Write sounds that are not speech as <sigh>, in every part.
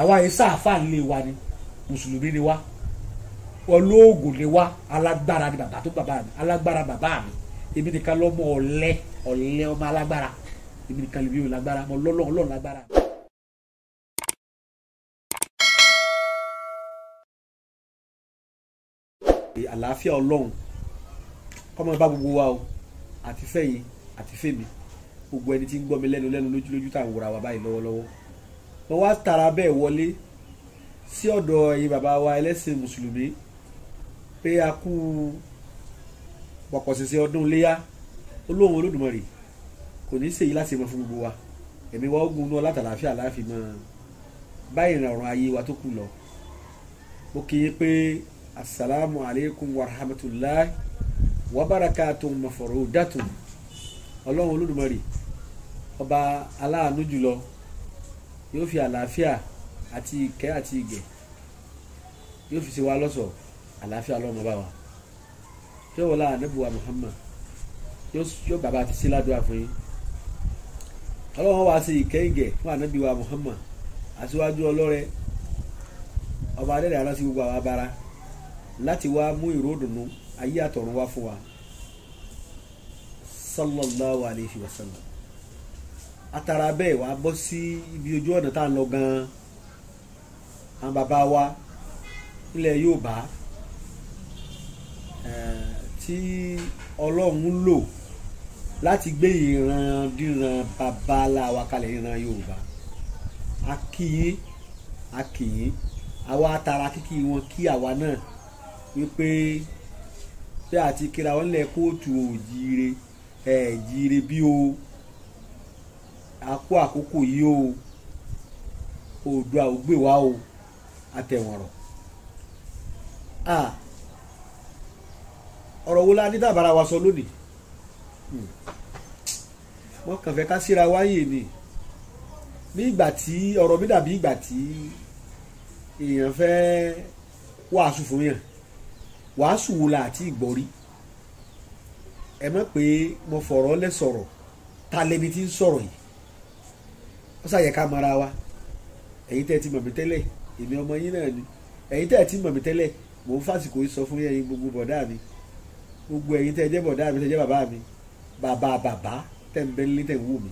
àwa yìí sáàfà ńlẹ̀ wa ni mùsùlùmí ni wa olóògùn ni wa alágbára ni bàbá tó bàbá mi alágbára bàbá mi èmi nìkan lọ́mọ ọ̀lẹ ọ̀lẹ ọmọ alágbára èmi nìkan lè bí o lágbára mo lọ́lọ́ ọlọ́run lágbára. àlàáfíà ọlọ́run kọ́mọ bá gbogbo wa o àti fẹ́yìn àti fẹ́mi gbogbo ẹni tí ń gbọ́ mi lẹ́nu lẹ́nu lójúlójú tá à ń wòra wa báyìí lọ́wọ́lọ́wọ́ mo wá tara bẹ́ẹ̀ wọlé sí ọ̀dọ̀ ẹ̀yin bàbá wa ẹlẹ́sìn mùsùlùmí pé a kú pọ̀pọ̀ṣẹ̀ṣẹ̀ ọdún léyà olóhùn olódùmarè kò ní í ṣèyí láti mọ fún gbogbo wa ẹ̀mí wa ó gun náà látàlàáfíà láàfin mọ́ báyìí ìrìn ọ̀rọ̀ ayé wa tó kù lọ mo kì í pé asalaamu aleykum wa rahmatulahi wa barakatu maforodatu ọlọ́run olódùmarè ọba aláàánú jùlọ yóò fi àlàáfíà àti ìkẹ́ àti ìgẹ̀ yóò fi ṣe wá lọ́ṣọ̀ọ́ àlàáfíà lọ́mọ bá wa tí wọ́n la ànábùwà Muhammad yóò bàbá ti ṣe ládùúgbà fún yín ọlọ́wọ́n wá ṣe ìkẹ́ ìgẹ̀ fún ànábìwà Muhammad aṣíwájú ọlọ́rẹ ọba adẹ́rẹ́ aránsí gbogbo àwa bara láti wá mú ìró dùnú ayé àtọ̀run wá fún wa sallallahu alayhi wa sallam atara bẹ́ẹ̀ wá bọ́ sí ibi ojú ọ̀nà tá à lọ gan-an àwọn bàbá wa ilẹ̀ Yorùbá tí Ọlọ́run lò láti gbé ìran díran babaláwa kalẹ̀ ìran Yorùbá a kì í a kì í àwa atara kíkì wọn kí àwa náà wípé bí àti kíra wọn lẹ kóòtù òjìire ẹ̀ẹ́dìire bí o a kó àkókò yìí o oòdùà ò gbé wá o àtẹ̀wọ̀nrọ̀ a ọ̀rọ̀ wo la ní tàbára wa sọ lónìí wọ́n hmm. kàn fẹ́ ká síra wáyé ni ní ìgbà tí ọ̀rọ̀ mi dàbí ìgbà tí èèyàn fẹ́ wàásù fún yàn wàásù wo la àti ìgbọ́rí ẹ mọ̀ pé mo fọ̀rọ̀ lẹ́ ta lẹni tí ń sọ̀rọ̀ yìí ó ṣàyẹ ká mọra wa ẹ̀yin tẹ́ ẹ ti mọ̀ mí tẹ́lẹ̀ èmi ọmọ yín náà ni ẹ̀yin tẹ́ ẹ ti mọ̀ mí tẹ́lẹ̀ mò ń fàsìkò sọ fún yẹn gbogbo bọ̀dá mi gbogbo ẹ̀yin tẹ́ ẹ jẹ́ bọ̀dá mi tẹ́ ẹ jẹ́ bàbá mi bàbá bàbá tẹ́ ń bẹ nílé tẹ́ ń wò mí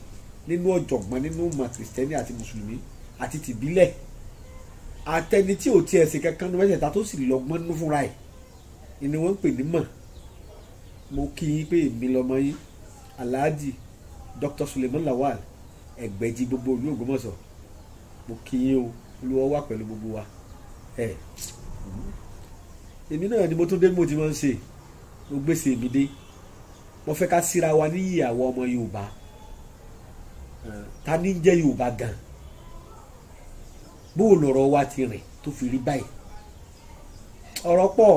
nínú ọ̀jọ̀gbọ́n nínú ìmọ̀ kìrìsìtẹ́nì àti mùsùlùmí àti tìbílẹ̀ àtẹni tí ò tiẹ̀ ṣe kankan ní mẹ́tẹ̀ẹ̀ta tó sì lọ́gbọ́n nínú fúnra ẹ̀ ni wọ́n ń pè ní mọ̀ mo kí yín pé èmi lọmọ yín aláàjì Dr. Suleiman Lawal ẹgbẹ́jì gbogbo ìlú Ògbómọ̀ṣọ́ mo kí yín o Olúwa wà pẹ̀lú gbogbo wa ẹ èmi náà ni mo tún dé mo ti máa ń ṣe mo gbèsè mi dé mo fẹ́ ká síra wa ní ìyàwó ọmọ Yorùbá ta ni ń jẹ́ Yorùbá gan bó lọ̀rọ̀ wa ti rìn tó fi rí báyìí ọ̀rọ̀ pọ̀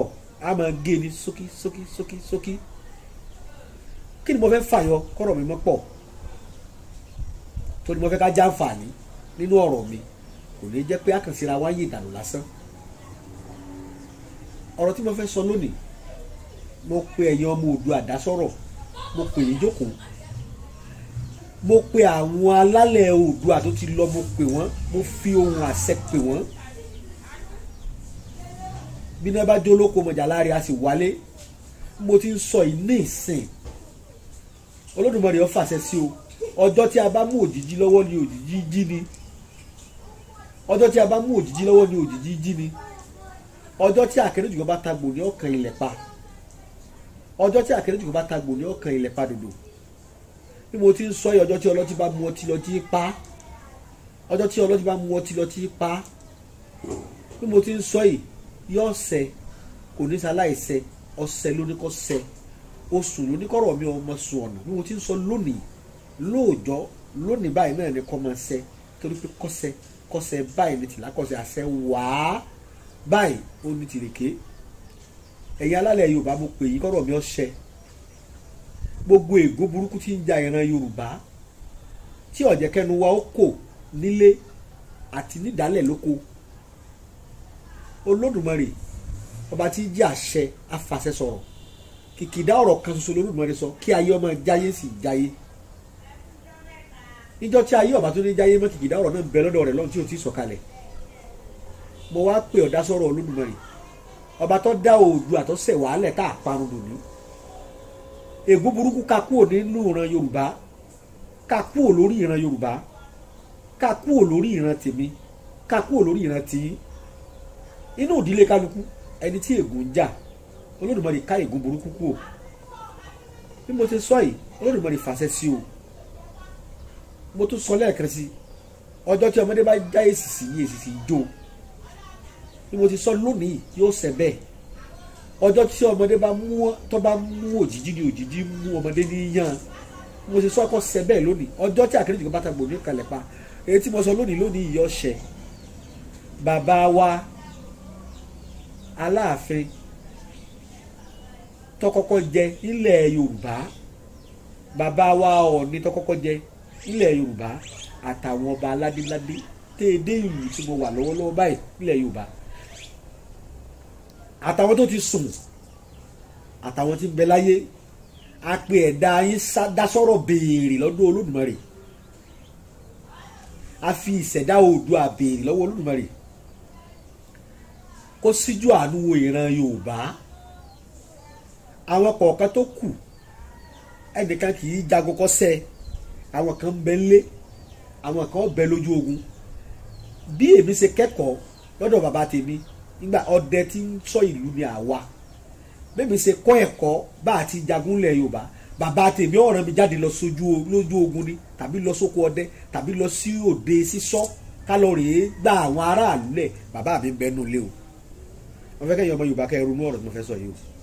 a máa gé ni sókí sókí sókí sókí kí ni mo fẹ́ fàyọ kọ́rọ̀ mi mọ́ pọ̀ tó ní mo fẹ́ ká jàǹfààní nínú ọ̀rọ̀ mi kò ní jẹ́ pé àkànṣera wáyé ìdànù lásán ọ̀rọ̀ tí mo fẹ́ sọ lónìí mo pe ẹ̀yin ọmọ Oòduà àdásọ̀rọ̀ mo pè yín jókòó mo pe àwọn alálẹ̀ Oòduà tó ti lọ mo pè wọ́n mo fi ohun àṣẹ pè wọ́n bí náà bá jólókò mọ̀jà láre a sì wálé mo ti ń sọ yìí ní ìsìn Olódùmarè ó fàṣẹ sí o ọjọ́ tí a bá mú òjìjí lọ́wọ́ ni òjìjí jí ni ọjọ́ tí a bá mú òjìjí lọ́wọ́ ni òjìjí jí ni ọjọ́ tí àkérédùgbò bá ta gbòòní ọkàn ilẹ̀ pa ọjọ́ tí àkérédùgbò bá ta gbòòní ọkàn ilẹ̀ pa dòdò bí mo ti ń sọ yìí ọjọ́ tí ọlọ́tí bá mu ọtí lọ́tí pa ọjọ́ tí ọlọ́tí bá mu ọtí lọ́tí pa bí mo ti ń sọ yìí yóò ṣẹ kò ní ṣaláìṣẹ ọ̀sẹ̀ lóníkọ̀ọ́sẹ̀ oṣù lóníkọ̀ọ́rọ̀ mi ọmọ sùn ọ̀nà bí mo ti ń sọ lónìí lóòjọ́ lónìí báyìí náà ni kọ́mọ ṣe torí pé kọ́sẹ̀ kọ́sẹ̀ báyìí ni tìlá kọ́sẹ̀ àṣẹ wàá báyìí ó ní tìrèké ẹ̀yin alálẹ̀ yorùbá mo pè yín kọ́rọ̀ mi ọ̀ṣẹ́ gbogbo ègó burúkú tí ń ja ìran yorùbá tí ọ̀jẹ̀kẹ́nu wa ó kò nílé àti nídàálẹ̀ lóko olódùmarè ọba tí jẹ́ àṣẹ afàṣẹ sọ̀rọ̀ kìkìdá ọ̀rọ̀ kan ṣoṣo lolódùmarè sọ kí ayé ọmọ jayé sì jayé. Si, níjọ́ tí ayé ọ̀bá tó ní jáyé mọ́kìkì dá ọ̀rọ̀ náà bẹ lọ́dọ̀ rẹ̀ lọ́n tí o ti sọ̀kalẹ̀ mo wá pè ọ̀dá sọ̀rọ̀ olódùmarè ọba tó dá òògùn àtọ́sẹ̀ wàhálẹ̀ tá a parun dùn ní ègún burúkú ká kúò nínú ìran yorùbá ká kúò lórí ìran yorùbá ká kúò lórí ìran tèmi ká kúò lórí ìran tìyín inú ìdílé kálukú ẹni tí ègún ń jà olódùmarè ká ègún burúkú kúò bí mo ti sọ yìí olódùmarè fàṣẹ sí o mo tún sọ lẹ́ẹ̀kan sí ọjọ́ tí ọmọdé bá já èsìsì yìí èsìsì ìjó bí mo ti sọ lónìí yóò ṣẹ bẹ́ẹ̀ ọjọ́ tí ọmọdé bá mú tó bá mú òjijì ni òjijì mú ọmọdé ní yàn mo ti sọ ọkọ̀ ṣẹ bẹ́ẹ̀ lónìí ọjọ́ tí àkérédì kan bá ta gbòmí kalẹ̀ pa èyí tí mo sọ lónìí lónìí yìí ọ̀ṣẹ̀ bàbá wa aláàfin tọkọkọ jẹ nílẹ̀ yorùbá bàbá wa ọ̀ọ́ni tọkọkọ jẹ ilẹ̀ yorùbá àtàwọn ọba aládéládé tẹ́ ẹ dé ìlú tí mo wà lọ́wọ́lọ́wọ́ báyìí ilẹ̀ yorùbá àtàwọn tó ti sùn àtàwọn tí ń bẹ láyé a pè ẹ̀dá yín dásọ̀rọ̀ béèrè lọ́dọ̀ olódùmarè a fi ìṣẹ̀dá oòdùà béèrè lọ́wọ́ olódùmarè kó síjú àánú wo ìran yorùbá àwọn kọ̀ọ̀kan tó kù ẹnìkan kì í jagun ẹ àwọn kan bẹ ńlé àwọn kan bẹ lójú ogun bí èmi ṣe kẹ́kọ̀ọ́ lọ́dọ̀ bàbá tèmi nígbà ọdẹ tí ń sọ ìlú ni àwa bẹ́ẹ̀ mi ṣe kọ́ ẹ̀kọ́ bá a ti jagun lẹ̀ Yorùbá bàbá tèmi ọ̀ràn mi jáde lọ sójú lójú ogun ni tàbí lọ sóko ọdẹ tàbí lọ sí òde sísọ ká lọ rèé gba àwọn aráàlú lẹ̀ bàbá mi bẹnu lé o wọ́n fẹ́ kẹ́yìn ọmọ Yorùbá kẹ́ ẹ ronú ọ̀rọ̀ tí mo fẹ́ sọ yìí o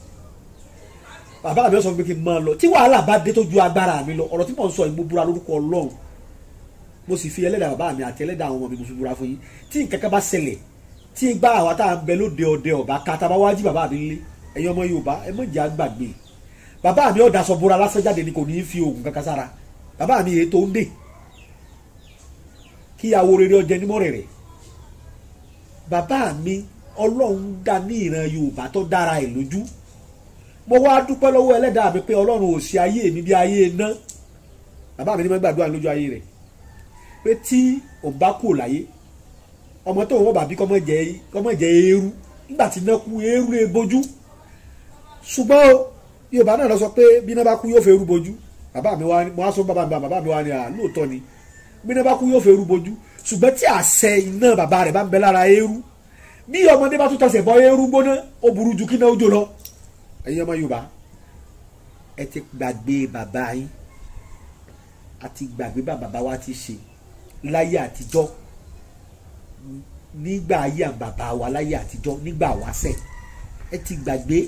bàbá mi sọ pé kí n máa lọ tí wàhálà bá dé tó ju agbára mi lọ ọ̀rọ̀ tí mò ń sọ ìgbó búra lórúkọ ọlọ́run mo sì fi ẹlẹ́dàá bàbá mi àti ẹlẹ́dàá àwọn ọmọ mi mo sì búra fún yín tí nǹkan kan bá ṣẹlẹ̀ tí gbá àwa tá à ń bẹ lóde ọdẹ ọba kàtà bá wájú bàbá mi lé ẹ̀yin ọmọ Yorùbá ẹ mọ̀ jẹ́ àgbàgbé bàbá mi ọ̀dà sọ búra lásán jáde ni kò ní í fi oògùn kankan sára bàbá mi èyí tó ń dè kí awo rere ọjẹ nímọ̀ rẹ̀ rẹ̀ bàbá mi ọlọ́run dá ní ìran Yorùbá tó dára ẹ̀ lójú mo wá dúpẹ́ lọ́wọ́ ẹlẹ́dàá mi pé ọlọ́run ò ṣe ayé mi bí ayé iná bàbá mi ní mọ́ gbàdúrà lójú ayé rẹ̀ pé tí òun bá kú láyé ọmọ tó wọ́n bàbí kọ́mọ jẹ kọ́mọ jẹ eérú nígbà tí iná kú eérú lè bojú ṣùgbọ́n yorùbá náà lọ sọ pé bí iná bá kú yóò fẹ́ eérú bojú bàbá mi wá mo á sọ bàbá mi bàbá mi wá ní àlóòótọ́ ni bí iná bá kú yóò fẹ́ eérú bojú ṣùgbọ́n tí àṣẹ iná bàbá rẹ̀ bá ń bẹ lára eérú bí ọmọdé bá tún tẹsẹ̀ bọ́ eérú gbóná ó burú ju kí iná ó jò lọ ẹ̀yin ọmọ Yorùbá ẹ ti gbàgbé bàbá yín àti gbàgbé bàbá wa ti ṣe láyé àtijọ́ nígbà ayé bàbá wa láyé àtijọ́ nígbà wáṣẹ̀ ẹ ti gbàgbé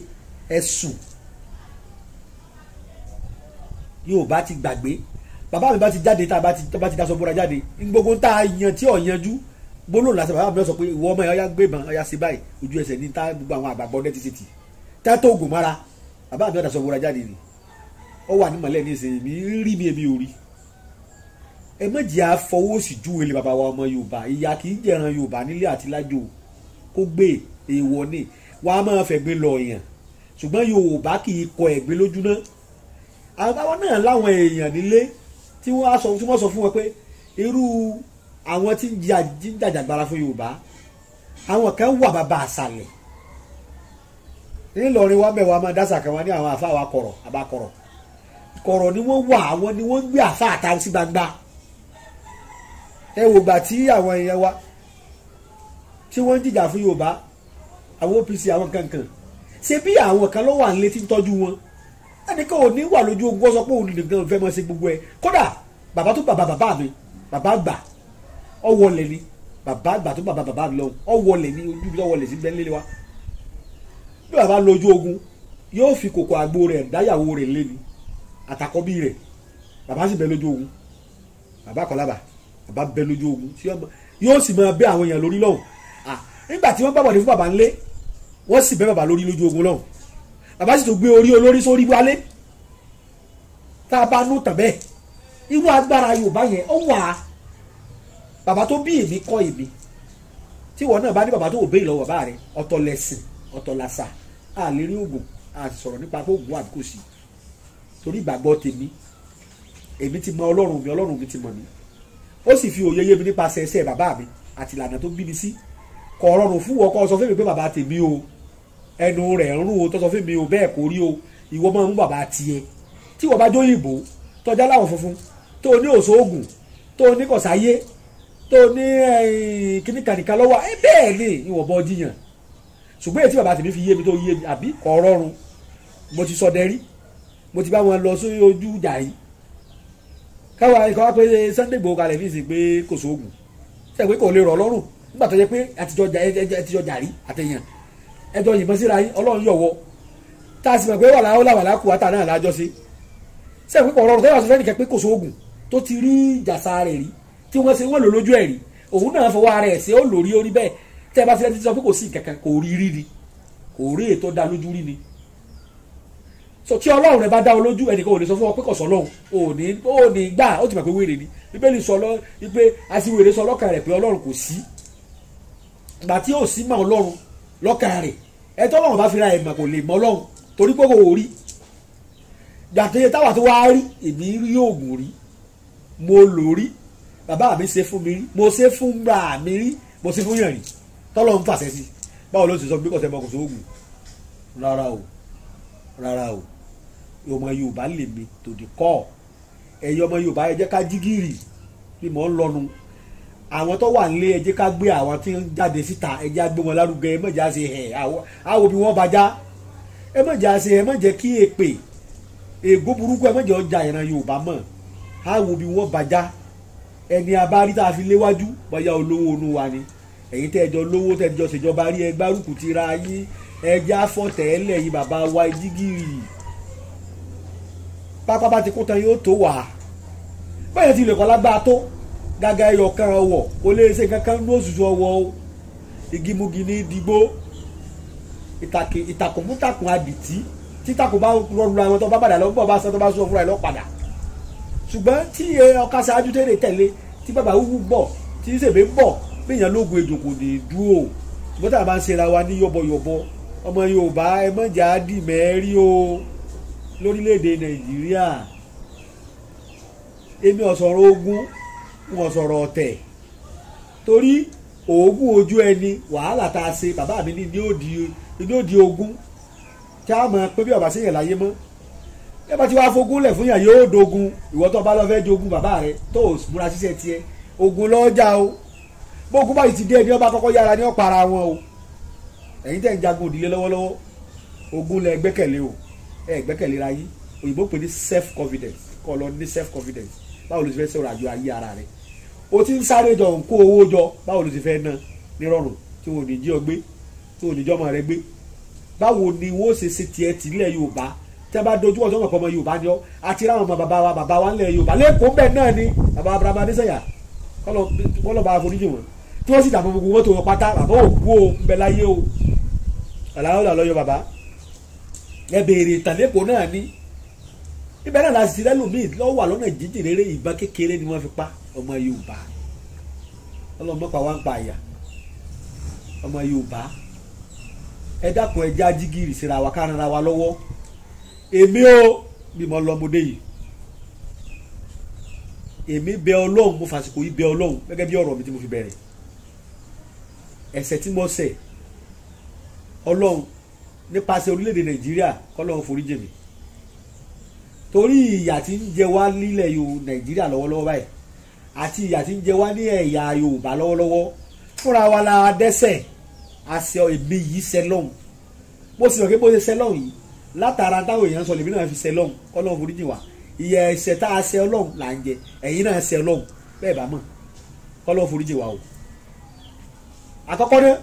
ẹ sùn Yorùbá ti gbàgbé bàbá mi bá ti jáde tá a bá ti daṣọ bóra jáde gbogbo tá a yan tí ò yanjú gbólóhùn lásán bàbá mi lọ sọ pé ìwọ ọmọ yẹn ọyá gbébọn ọyá ṣe báyìí ojú ẹsẹ̀ ní ta gbogbo àwọn àgbàgbọ́ dẹ́tísítì tẹ́tò ògùn mọ́ra bàbá mi ọ̀dà sọ wúra jáde ni ó wà ní mọ̀lẹ́ nísìnyí mi rí mi èmi ò rí ẹ méjì á fọwọ́ sí ju ilé bàbá wa ọmọ yorùbá ìyá kì í jẹran yorùbá nílé àti lájò kó gbé èèwọ̀ ni wà á máa fẹ̀gbẹ́ lọ èèyàn ṣùgbọ́n yorùbá kì í kọ ẹ̀gbẹ́ lójú náà àwọn náà láwọn èèyàn nílé tí wọ́n sọ tí wọ́n sọ fún wọn pé irú àwọn tí ń jàjàgbara fún yorùbá àwọn kan wà bàbá àṣàlẹ̀ ńlọrin wa mẹ́wàá máa dáṣà kan wá ní àwọn àfa wa kọ̀rọ̀ àbákọ̀rọ̀ kọ̀rọ̀ ni wọ́n wà àwọn ni wọ́n ń gbé àfa àtàwọn sí gbangba ẹ wò gbà tí àwọn èèyàn wa tí wọ́n ń jìjà fún Yorùbá àwọn OPC àwọn kankan ṣe bí àwọn kan ló wà nílé tí ń tọ́jú wọn ẹnìkan ò ní wà lójú ogun ọ̀sọ́ pé òun nìkan fẹ́ mọ́ ṣe gbogbo ẹ̀ kódà bàbá tó bàbá bàbá mi bàbá gbà ọwọlẹ̀ ni bàbá gbà tó bàbá bàbá mi lọ́hùn ọwọlẹ̀ ni ojú mi ọwọlẹ̀ sí bẹ́ẹ̀ lé wa bí bàbá lójú ogun yóò fi kòkò àgbo rẹ̀ dáyàwó rẹ̀ lé ni àtàkọ́bí rẹ̀ bàbá sì bẹ lójú ogun bàbá kọlábà bàbá bẹ lójú ogun yóò sì máa bẹ àwọn èèyàn lórí lọ́hùn nígbà tí wọ́n gbàgbọ́dé fún bàbá ńlé wọ́n sì bẹ bàbá lórí lójú ogun lọ́hùn bàbá sì tó gbé orí olórí sórí wálé tá a bá nù tàn bẹ́ẹ̀ irú agbára Yorùbá yẹn ó wà á bàbá tó bí èmi kọ́ èmi tí wọn náà bá ní bàbá tó ò béèrè lọ́wọ́ bàbá rẹ̀ ọ̀tọ̀ lẹ̀sìn ọ̀tọ̀ làṣà a lè rí oògùn a sọ̀rọ̀ nípa pé oògùn àbíkò sí torí ìgbàgbọ́ tèmi èmi ti mọ ọlọ́run mi ọlọ́run mi ti mọ̀ mí ó sì fi òye yé mi nípasẹ̀ ẹsẹ̀ bàbá mi àti ìlànà tó bí mi sí kò rọrùn fún wọn kó sọ fún mi pé bàbá tèmi o ẹnu rẹ̀ ń rún o tó sọ fún mi o bẹ́ẹ̀ kò rí o ìwọ máa ń mú bàbá tiẹ̀ tí wọ́n bá jó òyìnbó tọ́já láwọ̀ funfun tó ní òṣò oògùn tó ní kọ̀sáyé tó ní eh, kíníkàníkà lọ́wọ́ ẹ bẹ́ẹ̀ ni ìwọ̀nbọ̀ jiyàn ṣùgbọ́n èyí tí bàbá tèmi fi yé mi tó yé mi àbí kò rọrùn mo ti sọ dẹrí mo ti bá wọn lọ sórí ojú ìjà yìí káwa ikọ̀ wá pé Sunday Igboho kalẹ̀ fíìsì pé kò sóògùn ṣe pé kò lè rọ̀ lọ́rùn nígbà tó yẹ pé àtijọ́ jàrí àtẹ̀yàn ẹjọ́ yìnbọn síra yín ọlọ́run yọ̀wọ́ tá a sì mọ̀ pé wàhálà ó làwàlà kù àtà náà lájọ́ sí ṣe pé kò rọrùn tó yà sọ fẹ́nìkan pé kò sóògùn tó ti rí ìjàsá rẹ̀ rí tí wọ́n ṣe wọ́n lò lójú ẹ̀ rí òun náà fọwọ́ ara ẹ̀ ṣe ó lórí orí bẹ́ẹ̀ tẹ́ ẹ bá ti rẹ́ ti sọ pé kò sí kankan kò rí rí ni kò rí ètò dá lójú rí ni so tí ọlọ́run rẹ bá dá ọ lójú ẹnìkan ò lè sọ fún ọ pé kò sọ lọ́hùn ò ní ò ní gbà ó ti mọ̀ pé wèrè ni bíbélì sọ lọ pé aṣiwèrè sọ lọ́kàn rẹ̀ pé ọlọ́run kò sí gbà tí ò sí mọ̀ ọlọ́run lọ́kàn rẹ̀ ẹ tọ́lọ́run bá fi ra ẹ̀mọ̀ kò lè mọ̀ ọlọ́run torí pé kò rí gbàtẹ́yẹ táwa tó wá rí èmi rí oògùn rí mo lò rí bàbá mi ṣe fún mi rí mo ṣe fún ra mi rí mo ṣe fún yàn rí tọ́lọ́ ń fàṣẹ sí báwo ló ti sọ pé kọ̀sẹ̀ mọ̀kùsọ̀ oògùn rárá o rárá o ọmọ Yorùbá lè mi tòdì kọ́ ẹ̀yin ọmọ Yorùbá ẹ jẹ́ ká jí gìrì bí mò ń lọnu àwọn tó wà nílé ẹ jẹ́ ká gbé àwọn tí ń jáde síta ẹ jẹ́ gbé wọn lárugẹ ẹ má jẹ́ àṣẹ ẹ̀ àwọ̀ bí wọ́n bàjá ẹ má jẹ́ àṣẹ ẹ má jẹ́ kí èpè ègó burúkú ẹ má jẹ́ ọjà ìran Yorùbá mọ̀ àwọ̀ bí wọ́n bàjá ẹni abárí tá a fi léwájú bóyá olówó onú wa ni ẹ̀yin tẹ́ ẹ jọ lówó tẹ́ ẹ jọ ṣèjọba rí ẹ gbárùkù ti ra yín ẹ jẹ́ àfọ̀tẹ́lẹ̀ yìí bàbá wa ìdígìrì pápá ti kó tán yóò tó wà báyẹn ti lè kọ́ lágbára tó gàgà ẹyọ kan ọwọ́ kò lè ṣe kankan ní òṣùṣù ọwọ́ o igimugi ní dìgbò ìtàkùnkùntàkùn àdìtí títàkùn bá rọrùn àwọn tó bá padà lọ́wọ́ bá sọ tó bá sọ fúnra ẹ̀ lọ́ padà ṣùgbọ́n tí ọkà ṣáájú tẹ̀lé tẹ̀lé tí bàbá wúwú bọ̀ tí ṣèbé bọ̀ bíyàn lóògùn èdò kò ní dúró ṣùgbọ́n tá a máa ń ṣera wa ní yọ̀bọ̀yọ̀bọ̀ ọmọ yorùbá ẹ mọ̀jà dì mẹ́rí o lórílẹ̀‐èdè nàìjíríà èmi ọ̀sọ̀rọ̀ ogun wọn ọ̀sọ̀rọ̀ ọ̀tẹ̀ torí òògùn ojú ẹni wàhálà tá a ṣe bàbá mi ní ní òdi ogun tí a mọ̀ pé bí ọ̀bà sí yẹn láyé mọ́ ẹ bá ti wá fogún lẹ̀ fún yàn yóò dogun ìwọ bá lọ fẹ́ dogun bàbá rẹ tó múra ṣiṣẹ́ tiẹ̀ ogun lọ́jà o bókú báyìí ti dé ẹni ọba kọ́kọ́ yára ní ọ̀pá ara wọn o ẹ̀yin tẹ̀ ń jagun òdìlé lọ́wọ́lọ́wọ́ ogun lẹ gbẹ́kẹ̀lé o ẹ gbẹ́kẹ̀lé ra yín òyìnbó pè ní self confidence kọ́ lọ ní self confidence báwo ló ti fẹ́ sọ̀rọ̀ àjọ ayé ara rẹ̀ o ti ń sáré jọ ń kó owó jọ báwo ló ti fẹ́ ná nírọ̀rùn tí wọn ò ní jí ọ gbé tí wọn ò ní jọ́mọ rẹ gbé báwo ni wọ́n ṣe ṣe tiẹ̀ tìlẹ̀ Yorùbá tẹ́ bá dojú ọjọ́ mọ̀pọ̀ ọmọ Yorùbá ni ọ́ àti ráwọn ọmọ bàbá wa bàbá wa ńlẹ̀ Yorùbá lẹ́kọ̀ọ́ bẹ́ẹ̀ náà ni bàbá Abrahamu adéṣẹ́yà kọ́lọ́ bá foríjì wọn tí wọ́n sì dàbò gbogbo mọ́tò wọn pátá bàbá ò kú o ń bẹ láyé o àlàó là lọ́yọ̀ bàbá ẹ béèrè ìtàlẹ́kọ̀ọ́ náà ni ibẹ̀ náà la sì lẹ́lòmíì lọ́wọ́ àlọ́nà jíjìn rere ìbọn kékeré ni wọ́n fi pa ọmọ Yorùbá ọlọ́mọpàá wa ń pa àyà ọmọ Yorùbá ẹ dákun ẹ já jígìrì síra wa ká rara wa lọ́wọ́ èmi o bí mo lọ ọmọdé yìí èmi bẹ Ọlọ́run mo fàsìkò yìí bẹ Ọlọ́run gẹ́gẹ́ bí ọ̀rọ̀ mi tí mo fi bẹ̀rẹ̀ ẹ̀ṣẹ̀ tí mo ṣẹ̀ ọlọ́run nípasẹ̀ orílẹ̀-èdè nàìjíríà kọ́lọ́run foríjì mi torí ìyà tí ń jẹ wá nílẹ̀ yòó nàìjíríà lọ́wọ́lọ́wọ́ báyìí àti ìyà tí ń jẹ wá ní ẹ̀yà yorùbá lọ́wọ́lọ́wọ́ fúnra wa la dẹ́ṣẹ̀ àṣẹ èmi yìí ṣẹ lọ́hùn mo sì rò pé bó ṣe ṣẹ lọ́hùn yìí látara táwọn èèyàn sọ lèmi náà fi ṣẹ lọ́hùn kọ́lọ́run foríjì wa ìyà ẹ̀ṣẹ̀ tá a ṣẹ ọlọ́hùn là ń jẹ ẹ̀yin náà ṣẹ ọlọ́hùn bẹ́ẹ̀ bá mọ̀ kọ́lọ́run foríjì wa o àkọ́kọ́ náà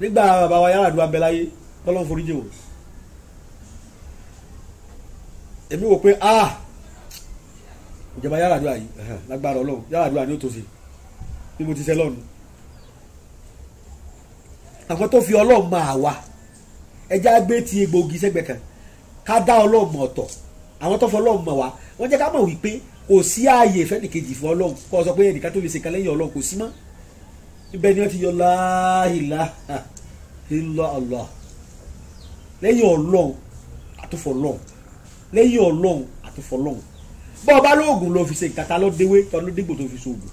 nígbà bàbá wa yàrá àdúrà bẹ́ẹ̀ láyé tọ́lọ́ foríjì wò èmi wò pé ah ìjọba yàrá àdúrà yìí lágbára ọlọ́run yàrá àdúrà ni ó tó sí bí mo ti ṣe lọ́nu àwọn tó fi ọlọ́run máa wà ẹja gbé ti egbògi sẹ́gbẹ̀ẹ́ kan ká dá ọlọ́run mọ̀ ọ̀tọ̀ àwọn tó fọ ọlọ́run mọ̀ wá wọ́n jẹ́ ká mọ̀ wípé kò sí ààyè fẹ́nìkejì fún ọlọ́run kó o sọ pé ẹnìkan tó lè ṣe kan lẹ́yìn ọlọ́run kò sí mọ́ ibẹ̀ ni wọ́n ti yọ láàyèlá ilọ̀ ọ̀lọ́ lẹ́yìn ọlọ́run àtúfọ̀ ọlọ́run lẹ́yìn ọlọ́run àtúfọ̀ ọlọ́run bọ́ ọba lóògùn ló fi ṣe nǹkan ta ló déwé ta ló dégbò tó fi ṣoògùn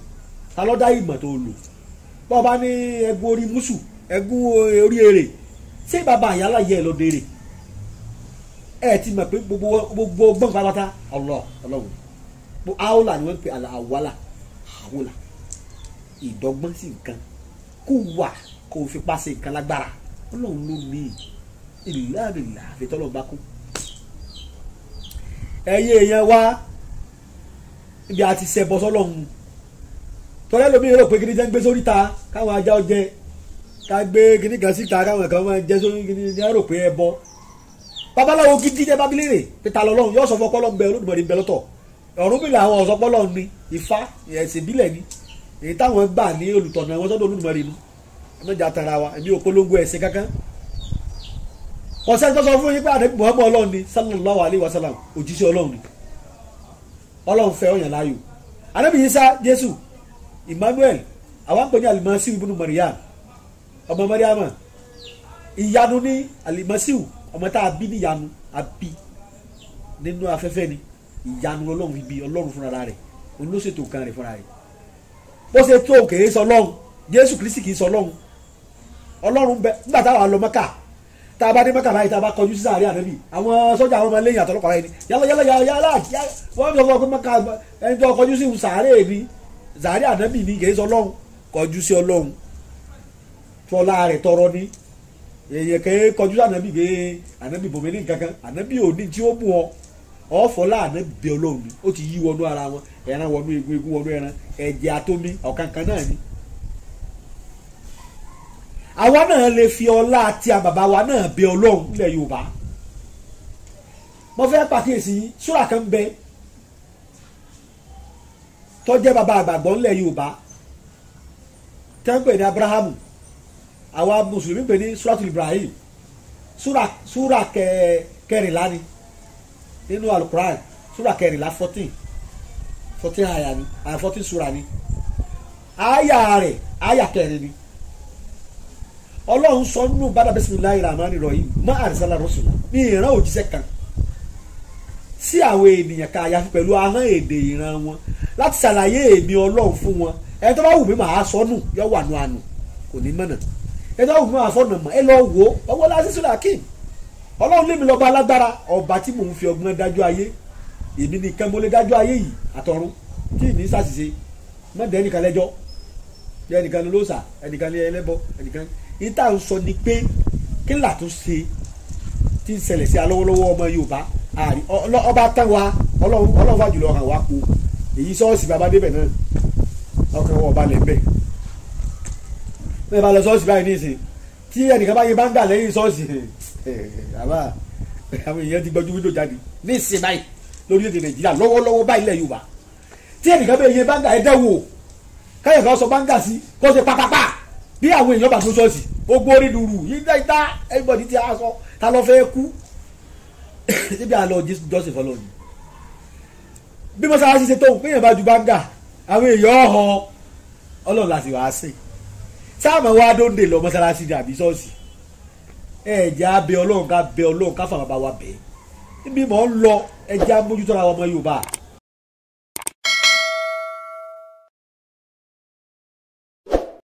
ta ló dá ìmọ̀ tó lò bọ́ ọba ní ẹgún orí mùsù ẹgún orí èrè ṣé bàbá àyálà yẹ ẹ lọ dèrè ẹ ti mọ̀ pé gbogbo ọgbọ́n pátá ọlọ́run ọlọ́run àwọn là ni wọ́n ń pè àwọlà àwọlà ìdọ́gbọ́n sí nǹkan kó wà kó fipá ṣe nǹkan lágbára ọlọ́run ló ní ìlàbìlà àfitọ́lọ́ bá kú. ẹ̀yin èèyàn wa ibi àti ṣẹbọ sọlọ́run tọ́lá lómi rò pé kí ni jẹ́ ń gbé sórí ta káwọn ajá ọjẹ́ ká gbé kíní kan síta káwọn kan máa jẹ́ sórí kíní ní àrò pé ẹ bọ́ babaláwo gidi jẹ́ bábílẹ̀rẹ̀ pété alọ́lọ́run yóò sọ fún ọpọlọ ń bẹ olódùmọ̀rì ń bẹ lọ́tọ̀ ọ̀run bìlà àwọn ọ̀sọ́pọ̀lọ́ ni Ifá ẹ̀sìn bílẹ̀ ni èyí táwọn gbà ní olùtọ̀nà wọn sọ́dọ̀ Olódùmarè nu ẹmọ́jà tara wa èmi ò polongo ẹ̀sìn kankan kọ̀sẹ́ tó sọ fún yín pé àdébí Muhammad ọlọ́run ni sallallahu alayhi wa sallam òjíṣẹ́ ọlọ́run ni ọlọ́run fẹ́ ọ̀yàn láàyò àdébí yín sá Jésù Emmanuel àwọn àpè ní alimasiu ibùdó Mariam ọmọ Mariam ìyanu ní alimasiu ọmọ tá a bí níyanu a bí nínú afẹ́fẹ́ ni ìyanu ọlọ́run ibi ọlọ́run fúnra rẹ̀ òun ló ṣètò kan rẹ̀ fúnra rẹ̀ bó ṣe tó kèé sọ lọ́hùn jésù kristi kìí sọ lọ́hùn ọlọ́run bẹ nígbà táwa lọ mẹ́kà tá a bá dé mẹ́kà báyìí tá a bá kọjú sí sàárẹ̀ ànábì àwọn sọ́jà àwọn ọmọ lẹ́yìn àtọ́lọ́pàá yẹn ni yálà yálà yálà wọ́n sọ fún ọ pé mẹ́kà ẹni tó kọjú sí sàárẹ̀ mi sàárẹ̀ ànábì mi kìí sọ lọ́hùn kọjú sí ọlọ́hùn tọ́lá rẹ̀ tọrọ ni èèyàn kẹ́ kọjú sí ànábì pé ànábì bòmí ní nǹkan kan tí ó mú ọ ọ̀fọ̀ láàánú bẹ ọlọ́run ni ó ti yí wọnú ara wọn ẹran wọnú egun egun wọnú ẹran atomi ọkankan náà ni. àwa náà lè fi ọlá àti àbàbà wa náà bẹ le nílẹ̀ yorùbá mo fẹ́ pàkíyèsí sóra kan bẹ tó bàbá àgbàgbọ́ nílẹ̀ yorùbá tẹ́ńpẹ̀ ní abrahamu àwa mùsùlùmí pè ní suratul ibrahim ni. nínú alukuran sura kẹrìnlá fourteen fourteen aya ni aya fourteen sura ni aya rẹ̀ aya kẹrin ni ọlọ́run sọ nínú bàdà bisimilayi rahmani rahim má àrísàlá rọ́ṣùlá ní ìran òjíṣẹ́ kan sí àwọn ènìyàn ká àyàfi pẹ̀lú ahọ́n èdè ìran wọn láti ṣàlàyé èmi ọlọ́run fún wọn ẹni tó bá wù mí màá sọnù yọ wà nù ànù kò ní mọ̀nà ẹni tó bá wù mí màá fọ̀nà mọ́ ẹ lọ wò ó lásìsúlà kíni ọlọ́run lèmi lọ́ba alágbára ọba tí mò ń fi ọgbọ́n dájú ayé èmi nìkan mo lè dájú ayé yìí àtọ̀run tí ì ní ṣàṣìṣe má dẹ́ ẹnìkan lẹ́jọ́ ẹnìkan ló sà ẹnìkan lé ẹlẹ́bọ ẹnìkan ní tá à ń sọ ni pé kí là tún ṣe tí ń ṣẹlẹ̀ sí alọ́wọ́lọ́wọ́ ọmọ yorùbá ọba tán wa ọlọ́run wà jùlọ ọ̀hàn wa kú èyí sọ́ọ̀sì bàbá débẹ̀ náà ọkàn wọn ọba lẹ́ bẹ́ẹ̀ bẹ́ẹ̀ bá lọ sọ́ọ̀sì báyìí ní ìsìn tí ẹnìkan bá yẹ bá ń dà lẹ́yìn sọ́ọ̀sì Eh, àbá àwọn èèyàn ti gbọ́jú wíńdò jáde ní ìsìn báyìí lórílẹ̀‐èdè nàìjíríà lọ́wọ́lọ́wọ́ báyìí lẹ̀ yorùbá tí ẹnìkan bẹ́ẹ̀ yẹ báńgà ẹ̀dẹ́ wò káyọ̀ kan sọ báńgà sí kó ṣe pápápá bí àwọn èèyàn bá tó ṣọ́ọ̀ṣì gbogbo orí dùrù yíyá ìta everybody ti aṣọ ta ló fẹ́ kú <coughs> síbi àlọ́ jọ́sìn fọlọ́ọ̀nù bí mọ́sálásí ṣe tó péyàn bá ju báńgà àwọn èèyàn ọ̀họ́ ọlọ́run láti wàá sìn sáàmù wa dóńdè lọ mọ́sálásí dàbí ṣọ́ọ̀ṣì ẹ̀jẹ̀ abẹ ọlọ́run ká bẹ ọlọ́run ká fà bàbá wa bẹ̀ ibi mọ̀ ń lọ ẹ̀jẹ̀ amójútó ara wa ọmọ yorùbá